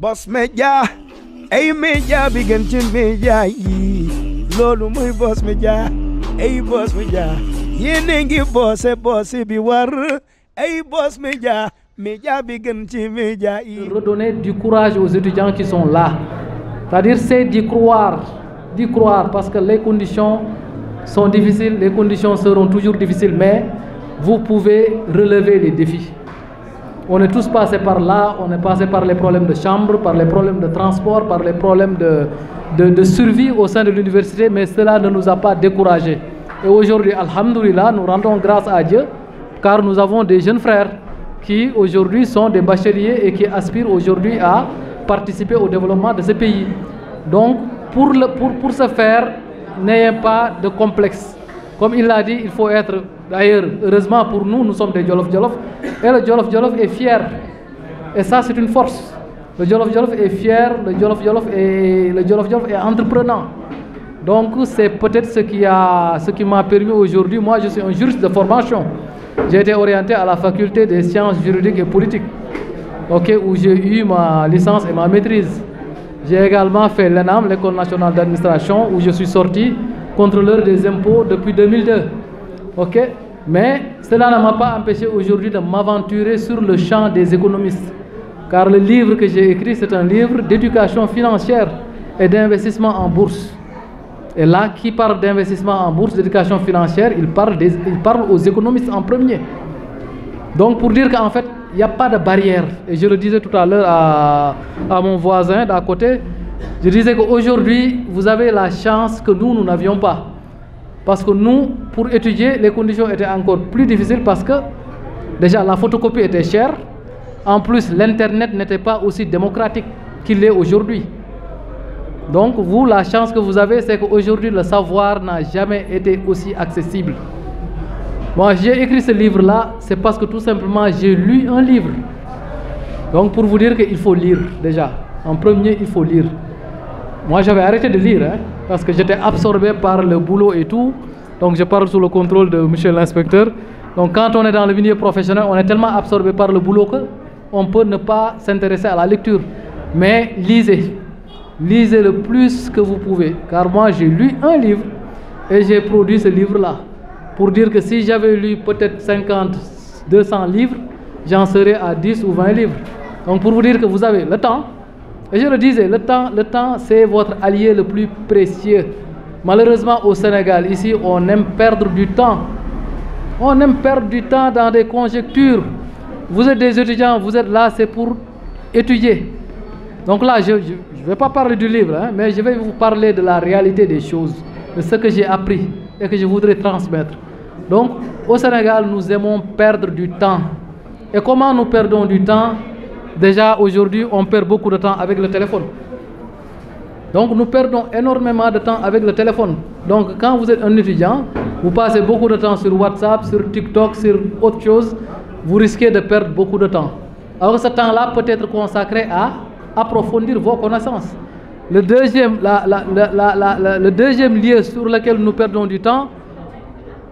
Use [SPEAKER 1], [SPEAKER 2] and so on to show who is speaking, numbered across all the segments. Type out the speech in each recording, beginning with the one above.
[SPEAKER 1] Boss media ay media bi media yi lolou moy boss media ay boss media yéen ngi bosse boss eh, bi eh, war ay boss media media bi gën media yi. redonner du courage aux étudiants qui sont là c'est-à-dire c'est d'y croire d'y croire parce que les conditions sont difficiles les conditions seront toujours difficiles mais vous pouvez relever les défis. On est tous passés par là, on est passé par les problèmes de chambre, par les problèmes de transport, par les problèmes de, de, survie au sein de l'université, mais cela ne nous a pas découragés. Et aujourd'hui, Alhamdulillah, nous rendons grâce à Dieu, car nous avons des jeunes frères qui aujourd'hui sont des bacheliers et qui aspirent aujourd'hui à participer au développement de ce pays. Donc, pour, le, pour, pour ce faire, n'ayez pas de complexe. Comme il l'a dit, il faut être D'ailleurs, heureusement pour nous, nous sommes des Jolof Jolof. Et le Jolof Jolof est fier. Et ça, c'est une force. Le Jolof Jolof est fier, le Jolof Jolof est, le entreprenant. Donc, c'est peut-être ce qui a, ce qui m'a permis aujourd'hui. Moi, je suis un juriste de formation. J'ai été orienté à la faculté des sciences juridiques et politiques, Ok, où j'ai eu ma licence et ma maîtrise. J'ai également fait l'ENAM, l'École nationale d'administration, où je suis sorti contrôleur des impôts depuis 2002 ok Mais cela ne m'a pas empêché aujourd'hui de m'aventurer sur le champ des économistes. Car le livre que j'ai écrit, c'est un livre d'éducation financière et d'investissement en bourse. Et là, qui parle d'investissement en bourse, d'éducation financière, il parle, des, il parle aux économistes en premier. Donc pour dire qu'en fait, il n'y a pas de barrière. Et je le disais tout à l'heure à, mon voisin d'à côté, je disais qu'aujourd'hui, vous avez la chance que nous, nous n'avions pas. Parce que nous, pour étudier, les conditions étaient encore plus difficiles parce que déjà la photocopie était chère. En plus, l'Internet n'était pas aussi démocratique qu'il l'est aujourd'hui. Donc, vous, la chance que vous avez, c'est qu'aujourd'hui, le savoir n'a jamais été aussi accessible. Moi, j'ai écrit ce livre-là, c'est parce que tout simplement, j'ai lu un livre. Donc, pour vous dire qu'il faut lire déjà. En premier, il faut lire. Moi, j'avais arrêté de lire hein, parce que j'étais absorbé par le boulot et tout. Donc, je parle sous le contrôle de monsieur l'inspecteur. Donc, quand on est dans le milieu professionnel, on est tellement absorbé par le boulot qu'on peut ne pas s'intéresser à la lecture. Mais lisez. Lisez le plus que vous pouvez. Car moi, j'ai lu un livre et j'ai produit ce livre-là. Pour dire que si j'avais lu peut-être 50, 200 livres, j'en serais à 10 ou 20 livres. Donc, pour vous dire que vous avez le temps, et je le disais, le temps, le temps c'est votre allié le plus précieux. Malheureusement, au Sénégal, ici, on aime perdre du temps. On aime perdre du temps dans des conjectures. Vous êtes des étudiants, vous êtes là, c'est pour étudier. Donc là, je ne vais pas parler du livre, hein, mais je vais vous parler de la réalité des choses, de ce que j'ai appris et que je voudrais transmettre. Donc, au Sénégal, nous aimons perdre du temps. Et comment nous perdons du temps Déjà aujourd'hui, on perd beaucoup de temps avec le téléphone. Donc nous perdons énormément de temps avec le téléphone. Donc quand vous êtes un étudiant, vous passez beaucoup de temps sur WhatsApp, sur TikTok, sur autre chose, vous risquez de perdre beaucoup de temps. Alors ce temps-là peut être consacré à approfondir vos connaissances. Le deuxième, le deuxième lieu sur lequel nous perdons du temps,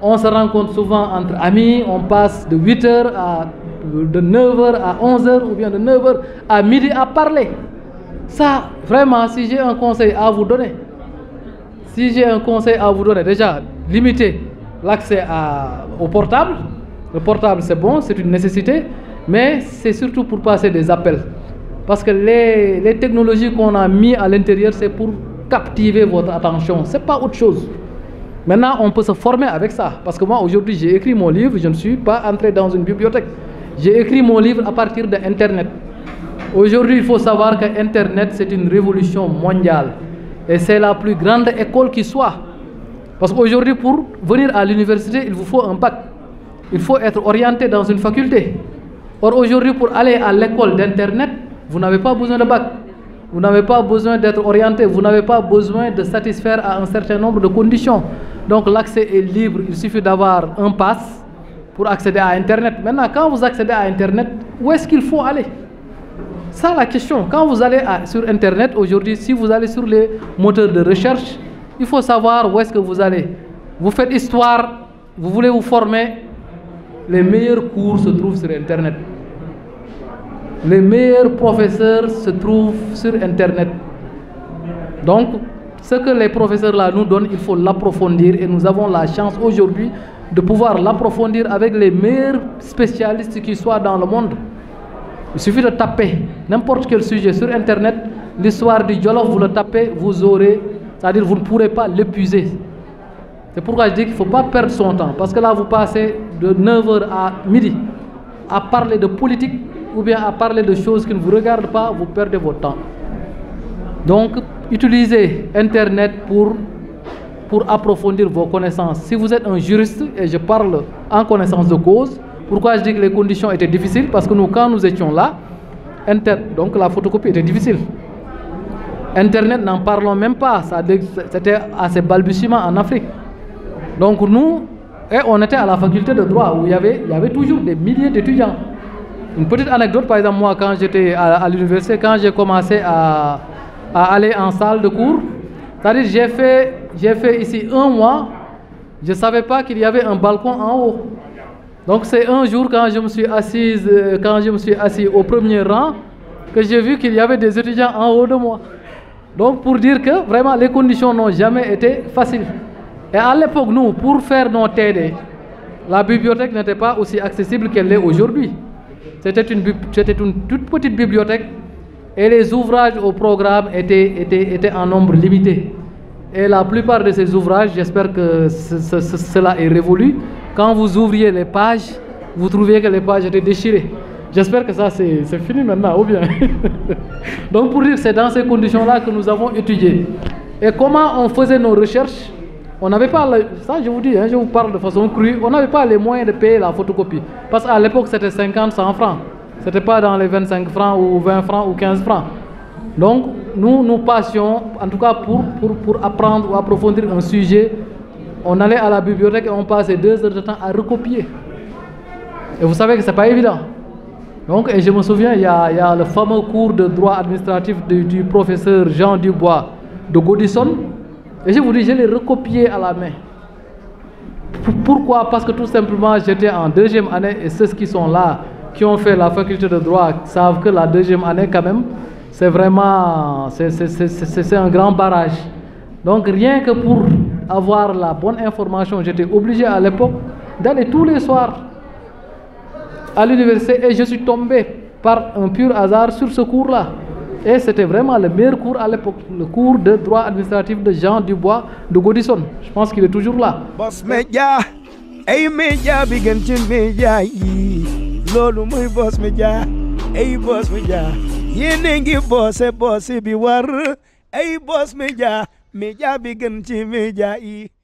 [SPEAKER 1] on se rencontre souvent entre amis, on passe de 8h à de 9h à 11h ou bien de 9h à midi à parler. Ça, vraiment, si j'ai un conseil à vous donner, si j'ai un conseil à vous donner, déjà, limiter l'accès au portable. Le portable, c'est bon, c'est une nécessité, mais c'est surtout pour passer des appels. Parce que les, technologies qu'on a mis à l'intérieur, c'est pour captiver votre attention. C'est pas autre chose. Maintenant, on peut se former avec ça. Parce que moi, aujourd'hui, j'ai écrit mon livre, je ne suis pas entré dans une bibliothèque. J'ai écrit mon livre à partir d'Internet. Aujourd'hui, il faut savoir que Internet, c'est une révolution mondiale. Et c'est la plus grande école qui soit. Parce qu'aujourd'hui, pour venir à l'université, il vous faut un bac. Il faut être orienté dans une faculté. Or, aujourd'hui, pour aller à l'école d'Internet, vous n'avez pas besoin de bac. Vous n'avez pas besoin d'être orienté. Vous n'avez pas besoin de satisfaire à un certain nombre de conditions. Donc, l'accès est libre. Il suffit d'avoir un passe pour accéder à Internet. Maintenant, quand vous accédez à Internet, où est-ce qu'il faut aller Ça, la question. Quand vous allez sur Internet aujourd'hui, si vous allez sur les moteurs de recherche, il faut savoir où est-ce que vous allez. Vous faites histoire, vous voulez vous former, les meilleurs cours se trouvent sur Internet. Les meilleurs professeurs se trouvent sur Internet. Donc, ce que les professeurs là nous donnent, il faut l'approfondir et nous avons la chance aujourd'hui de pouvoir l'approfondir avec les meilleurs spécialistes qui soient dans le monde. Il suffit de taper n'importe quel sujet sur internet, l'histoire du dialogue vous le tapez, vous aurez, c'est-à-dire vous ne pourrez pas l'épuiser. C'est pourquoi je dis qu'il ne faut pas perdre son temps, parce que là vous passez de 9h à midi à parler de politique ou bien à parler de choses qui ne vous regardent pas, vous perdez votre temps. Donc, Utilisez Internet pour, pour approfondir vos connaissances. Si vous êtes un juriste, et je parle en connaissance de cause, pourquoi je dis que les conditions étaient difficiles Parce que nous, quand nous étions là, Internet donc la photocopie était difficile. Internet, n'en parlons même pas. C'était à ses balbutiements en Afrique. Donc nous, et on était à la faculté de droit où il y avait, il y avait toujours des milliers d'étudiants. Une petite anecdote, par exemple, moi, quand j'étais à l'université, quand j'ai commencé à, à aller en salle de cours. C'est-à-dire, j'ai fait, j'ai fait ici un mois, je ne savais pas qu'il y avait un balcon en haut. Donc c'est un jour quand je me suis assise, euh, quand je me suis assis au premier rang, que j'ai vu qu'il y avait des étudiants en haut de moi. Donc pour dire que vraiment les conditions n'ont jamais été faciles. Et à l'époque, nous, pour faire nos TD, la bibliothèque n'était pas aussi accessible qu'elle l'est aujourd'hui. C'était une, c'était une toute petite bibliothèque et les ouvrages au programme étaient, étaient, étaient en nombre limité. Et la plupart de ces ouvrages, j'espère que cela est révolu, quand vous ouvriez les pages, vous trouviez que les pages étaient déchirées. J'espère que ça, c'est fini maintenant, ou bien. Donc, pour dire c'est dans ces conditions-là que nous avons étudié. Et comment on faisait nos recherches On n'avait pas, ça je vous dis, hein, je vous parle de façon crue, on n'avait pas les moyens de payer la photocopie. Parce qu'à l'époque, c'était 50, 100 francs. Ce n'était pas dans les 25 francs ou 20 francs ou 15 francs. Donc, nous, nous passions, en tout cas pour, pour, apprendre ou approfondir un sujet, on allait à la bibliothèque et on passait deux heures de temps à recopier. Et vous savez que ce n'est pas évident. Donc, et je me souviens, il y, a, le fameux cours de droit administratif du, professeur Jean Dubois de Godisson. Et je vous dis, je l'ai recopié à la main. Pourquoi Parce que tout simplement, j'étais en deuxième année et ceux qui sont là, ont fait la faculté de droit savent que la deuxième année, quand même, c'est vraiment c'est un grand barrage. Donc rien que pour avoir la bonne information, j'étais obligé à l'époque d'aller tous les soirs à l'université et je suis tombé par un pur hasard sur ce cours-là. Et c'était vraiment le meilleur cours à l'époque, le cours de droit administratif de Jean Dubois de Godisson. Je pense qu'il est toujours là. loolu muy boos mi jaa ay boos mi jaa yéene ngi boose boosi bi war ay boos mi jaa mi bi gën ci mi yi